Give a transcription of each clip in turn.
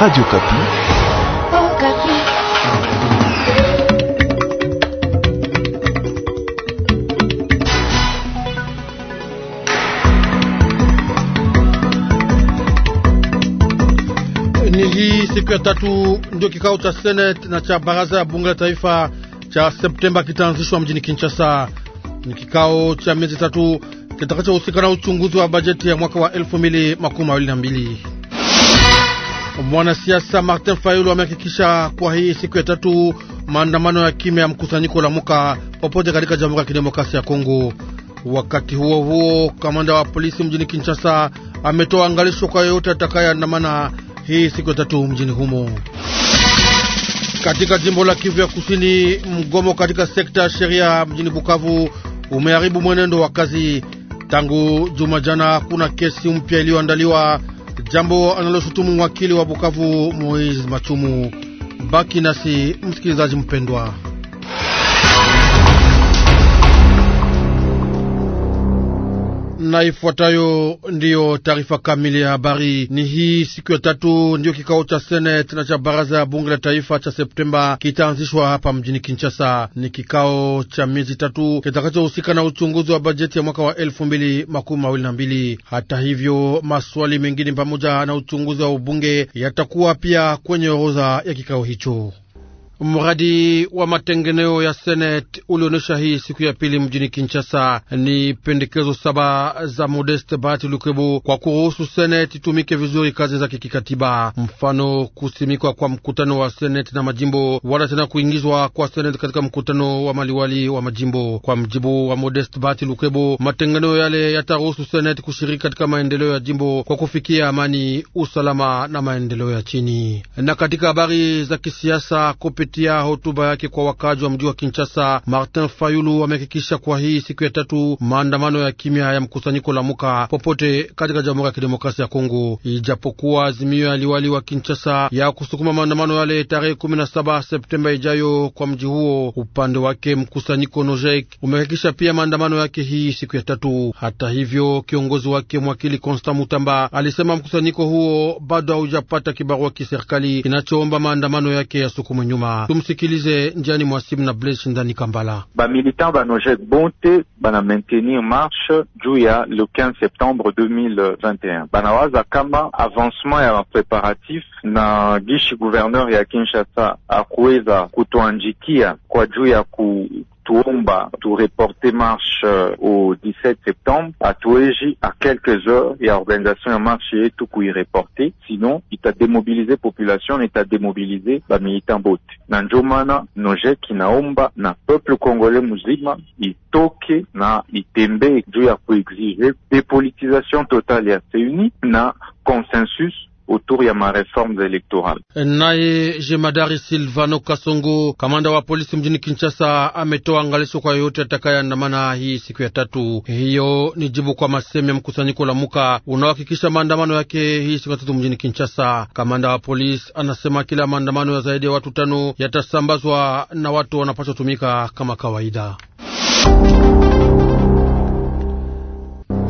Radio Kapi. Oh, Kapi. Ni hii siku ya tatu ndio kikao cha Senate na cha baraza ya bunge la taifa cha Septemba kitaanzishwa mjini Kinshasa. Ni kikao cha miezi tatu kitakachohusika na uchunguzi wa bajeti ya mwaka wa 2022. Mwanasiasa Martin Fayulu amehakikisha kwa hii siku ya tatu maandamano ya kimya ya mkusanyiko la muka popote katika Jamhuri ya Kidemokrasia ya Kongo. Wakati huo huo, kamanda wa polisi mjini Kinshasa ametoa angalisho kwa yeyote atakayeandamana hii siku ya tatu mjini humo. Katika jimbo la Kivu ya Kusini, mgomo katika sekta ya sheria mjini Bukavu umeharibu mwenendo wa kazi. Tangu juma jana, kuna kesi mpya iliyoandaliwa jambo analoshutumu wakili wa Bukavu Moise Machumu. Baki nasi msikilizaji mpendwa. na ifuatayo ndiyo taarifa kamili ya habari. Ni hii siku ya tatu ndiyo kikao cha seneti na cha baraza ya bunge la taifa cha Septemba kitaanzishwa hapa mjini Kinshasa. Ni kikao cha miezi tatu kitakachohusika na uchunguzi wa bajeti ya mwaka wa elfu mbili makumi mawili na mbili. Hata hivyo, maswali mengine pamoja na uchunguzi wa ubunge yatakuwa pia kwenye orodha ya kikao hicho. Mradi wa matengeneo ya seneti ulionyesha hii siku ya pili mjini Kinshasa ni pendekezo saba za Modeste Bahati Lukwebo kwa kuruhusu seneti itumike vizuri kazi zake kikatiba, mfano kusimikwa kwa mkutano wa seneti na majimbo, wala tena kuingizwa kwa seneti katika mkutano wa maliwali wa majimbo. Kwa mjibu wa Modeste Bahati Lukwebo, matengeneo yale yataruhusu seneti kushiriki katika maendeleo ya jimbo kwa kufikia amani, usalama na maendeleo ya chini. Na katika habari za kisiasa kupitia hotuba yake kwa wakaji wa mji wa Kinshasa, Martin Fayulu amehakikisha kwa hii siku ya tatu maandamano ya kimya ya mkusanyiko la muka popote katika Jamhuri ya Kidemokrasia ya Kongo, ijapokuwa azimio ya liwali wa Kinshasa ya kusukuma maandamano yale tarehe 17 Septemba ijayo kwa mji huo. Upande wake mkusanyiko Nojek umehakikisha pia maandamano yake hii siku ya tatu. Hata hivyo, kiongozi wake mwakili Constant Mutamba alisema mkusanyiko huo bado haujapata kibarua kiserikali kinachoomba maandamano yake yasukuma nyuma. Tumsikilize njiani mwa simu na Blaise ndani Kambala. Bamilitant banoje bonte bana maintenir marche juu ya le 15 septembre 2021 banawaza kama avancement ya preparatif na gishi gouverneur ya Kinshasa akuweza kutoanjikia kwa juu ya ku tout reporter marche euh, au 17 septembre à Touéji à quelques heures y a organisation marche et tout y reporté. Sinon, il a démobilisé population il a démobilisé la militant bote. Nanjomana, nojeki naomba na peuple congolais il itoke na itembe des ya totales dépolitisation totale ya unie, na consensus autour ya mareformes electorales. Naye jemadari Silvano Kasongo, kamanda wa polisi mjini Kinshasa, ametoa angalisho kwa yoyote atakayeandamana hii siku ya tatu. Hiyo ni jibu kwa masemi ya mkusanyiko la Muka unaohakikisha maandamano yake hii siku ya tatu mjini Kinshasa. Kamanda wa polisi anasema kila maandamano ya zaidi ya watu tano yatasambazwa na watu wanapaswa tumika kama kawaida.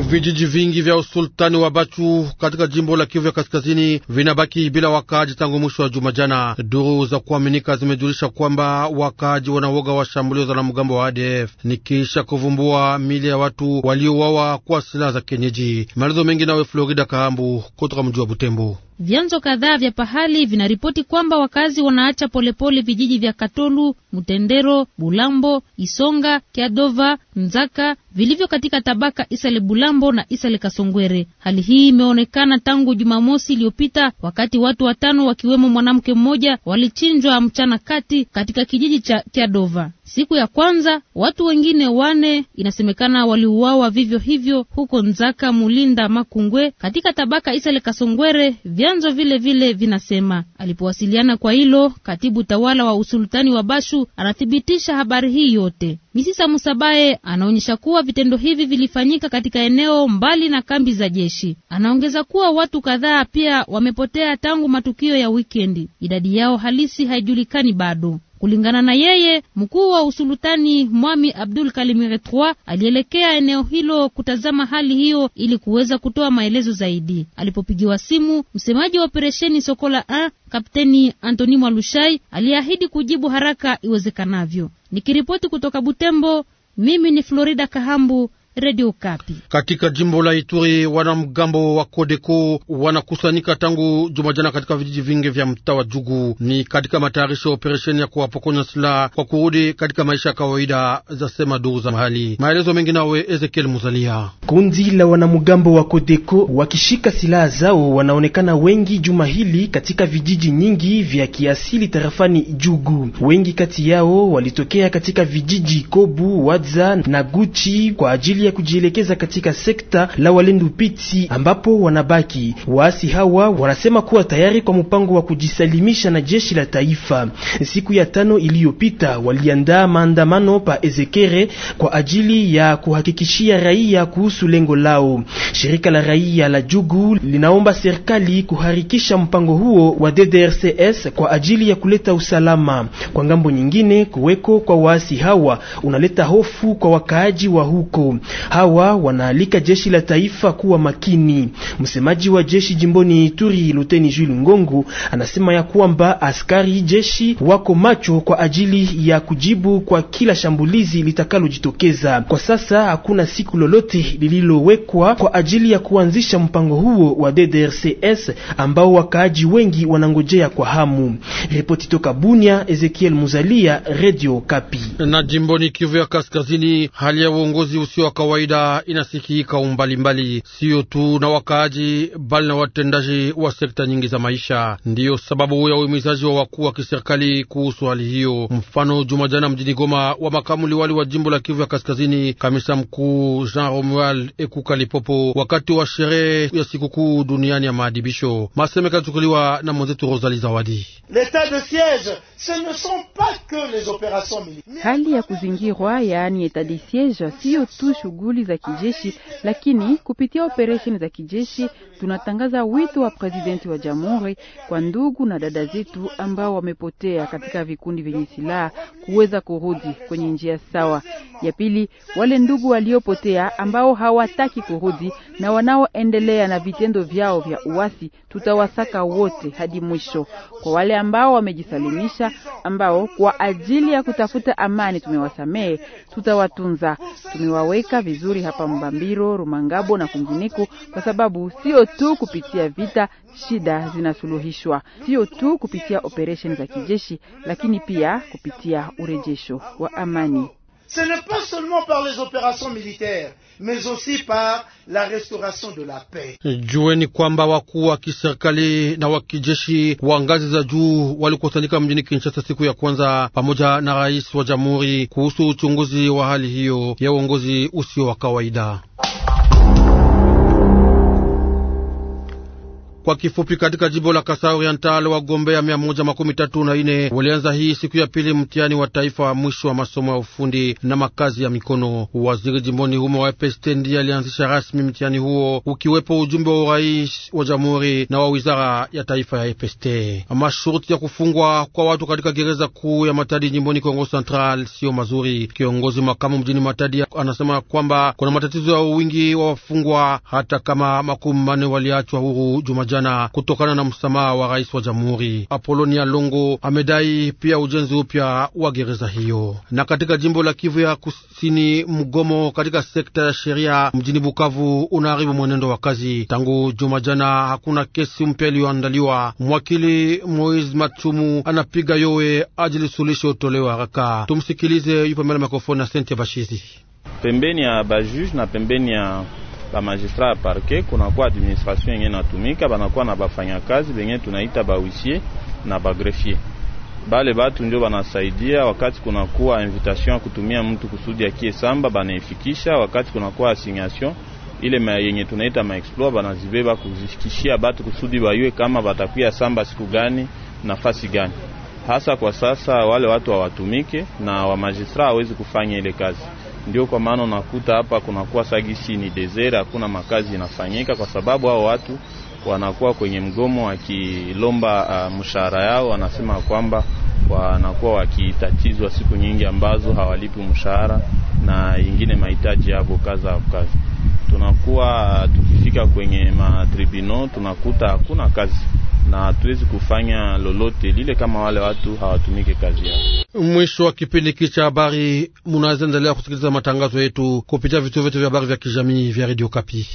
Vijiji vingi vya usultani wa Bachu katika jimbo la Kivu ya kaskazini vinabaki bila wakaaji tangu mwisho wa juma jana. Duru za kuaminika zimejulisha kwamba wakaaji wanawoga wa shambulio za wanamgambo wa ADF ni kisha kuvumbua mili ya watu waliouawa kwa silaha za kienyeji. Maelezo mengi nawe Florida Kahambu kutoka mji wa Butembo. Vyanzo kadhaa vya pahali vinaripoti kwamba wakazi wanaacha polepole vijiji vya Katolu, Mutendero, Bulambo, Isonga, Kiadova, Nzaka vilivyo katika tabaka Isale Bulambo na Isale Kasongwere. Hali hii imeonekana tangu Jumamosi iliyopita wakati watu watano wakiwemo mwanamke mmoja walichinjwa mchana kati katika kijiji cha Kiadova. Siku ya kwanza watu wengine wane inasemekana waliuawa vivyo hivyo huko Nzaka, Mulinda, Makungwe katika tabaka Isale Kasongwere, vyanzo vile vile vinasema. Alipowasiliana kwa hilo, katibu tawala wa usultani wa Bashu anathibitisha habari hii yote. Misisa Musabae anaonyesha kuwa vitendo hivi vilifanyika katika eneo mbali na kambi za jeshi. Anaongeza kuwa watu kadhaa pia wamepotea tangu matukio ya wikendi, idadi yao halisi haijulikani bado. Kulingana na yeye, mkuu wa usulutani Mwami Abdul Kalimire III alielekea eneo hilo kutazama hali hiyo ili kuweza kutoa maelezo zaidi. Alipopigiwa simu, msemaji wa operesheni Sokola A Kapteni Antoni Mwalushai aliahidi kujibu haraka iwezekanavyo. Nikiripoti kutoka Butembo, mimi ni Florida Kahambu Radio Kapi. Katika jimbo la Ituri, wanamgambo wa Kodeko wanakusanyika tangu Jumajana katika vijiji vingi vya mtaa wa Jugu. Ni katika matayarisho ya operesheni ya kuwapokonya silaha kwa kurudi katika maisha ya kawaida, zasema duru za mahali. Maelezo mengi nawe Ezekiel Muzalia. Kundi la wanamgambo wa Kodeko wakishika silaha zao wanaonekana wengi juma hili katika vijiji nyingi vya kiasili tarafani Jugu. Wengi kati yao walitokea katika vijiji Kobu, Wadza na Guchi kwa ajili ya kujielekeza katika sekta la Walendu Piti ambapo wanabaki. Waasi hawa wanasema kuwa tayari kwa mpango wa kujisalimisha na jeshi la taifa. Siku ya tano iliyopita waliandaa maandamano pa Ezekere kwa ajili ya kuhakikishia raia kuhusu lengo lao. Shirika la raia la Jugu linaomba serikali kuharikisha mpango huo wa DDRCS kwa ajili ya kuleta usalama. Kwa ngambo nyingine, kuweko kwa waasi hawa unaleta hofu kwa wakaaji wa huko. Hawa wanaalika jeshi la taifa kuwa makini. Msemaji wa jeshi jimboni Ituri, Luteni Jules Ngongo, anasema ya kwamba askari jeshi wako macho kwa ajili ya kujibu kwa kila shambulizi litakalojitokeza. Kwa sasa hakuna siku lolote lililowekwa kwa ajili ya kuanzisha mpango huo wa DDRCS ambao wakaaji wengi wanangojea kwa hamu. Ripoti toka Bunia, Ezekiel Muzalia, Radio Kapi. Na jimboni Kivu ya Kaskazini, hali ya uongozi usio wa kawaida inasikika mbali, siyo tu na wakaaji, bali na watendaji wa sekta nyingi za maisha. Ndiyo sababu ya uhimizaji wa wakuu wa kiserikali kuhusu hali hiyo. Mfano, jumajana mjini Goma wa makamu liwali wa jimbo la Kivu ya Kaskazini, kamisa mkuu Jean Romual Ekuka Lipopo, wakati wa sherehe ya sikukuu duniani ya maadibisho. Maseme kachukuliwa na mwenzetu Rosali Zawadi. Hali ya kuzingirwa yaani etat de siege siyo tu shughuli za kijeshi, lakini kupitia operesheni za kijeshi tunatangaza wito wa presidenti wa jamhuri kwa ndugu na dada zetu ambao wamepotea katika vikundi vyenye silaha kuweza kurudi kwenye njia sawa. Ya pili, wale ndugu waliopotea ambao hawataki kurudi na wanaoendelea na vitendo vyao vya uasi, tutawasaka wote hadi mwisho. Kwa wale ambao wamejisalimisha, ambao kwa ajili ya kutafuta amani tumewasamehe, tutawatunza, tumewaweka tumefika vizuri hapa Mbambiro, Rumangabo na kwingineko, kwa sababu sio tu kupitia vita shida zinasuluhishwa, sio tu kupitia operesheni za kijeshi, lakini pia kupitia urejesho wa amani ce n'est pas seulement par les opérations militaires, mais aussi par la restauration de la paix. Jueni kwamba wakuu wa kiserikali na wa kijeshi wa ngazi za juu walikusanyika mjini Kinshasa siku ya kwanza pamoja na rais wa jamhuri kuhusu uchunguzi wa hali hiyo ya uongozi usio wa kawaida. Kwa kifupi, katika jimbo la Kasai Oriental wagombea mia moja makumi tatu na ine walianza hii siku ya pili mtihani wa taifa wa mwisho wa masomo ya ufundi na makazi ya mikono. Waziri jimboni humo wa EPST ndiye alianzisha rasmi mtihani huo, ukiwepo ujumbe wa urais wa jamhuri na wa wizara ya taifa ya EPST. Masharti ya kufungwa kwa watu katika gereza kuu ya Matadi jimboni Kongo Central sio mazuri. Kiongozi makamu mjini Matadi anasema kwamba kuna matatizo ya wingi wa wafungwa, hata kama makumi manne waliachwa huru Jumaja jana kutokana na msamaha wa rais wa jamhuri. Apolonia Longo amedai pia ujenzi upya wa gereza hiyo. Na katika jimbo la Kivu ya Kusini, mgomo katika sekta ya sheria mjini Bukavu unaharibu mwenendo wa kazi. Tangu juma jana hakuna kesi mpya iliyoandaliwa. Mwakili Moise Machumu anapiga yowe ajili suluhisho tolewa haraka. Tumsikilize, yupo mbele mikrofoni na Sente Bashizi pembeni ya bajuge na pembeni ya bamagistrat ya parke, kunakuwa administration yenye natumika, banakuwa na bafanya kazi benye tunaita bahuisie na bagrefier. Bale batu ndio banasaidia wakati kunakuwa invitation ya kutumia mtu kusudi akie samba, banaifikisha. Wakati kunakuwa asignation ile ma yenye tunaita maexplore, banazibeba kuzifikishia batu kusudi bayue kama batakuya samba siku gani, nafasi gani hasa. Kwa sasa wale watu hawatumike na wamagistrat hawezi kufanya ile kazi. Ndio kwa maana unakuta hapa kunakuwa sagisi ni desert, hakuna makazi inafanyika kwa sababu hao watu wanakuwa kwenye mgomo wakilomba uh, mshahara yao. Wanasema kwamba wanakuwa wakitatizwa siku nyingi ambazo hawalipi mshahara na ingine mahitaji yao kaza kazi. Tunakuwa uh, tukifika kwenye matribunal tunakuta hakuna kazi na hatuwezi kufanya lolote lile kama wale watu hawatumike kazi yao. Mwisho wa kipindi hiki cha habari, endelea kusikiliza matangazo yetu kupitia vituo vyetu vya habari vya kijamii vya Radio Kapi.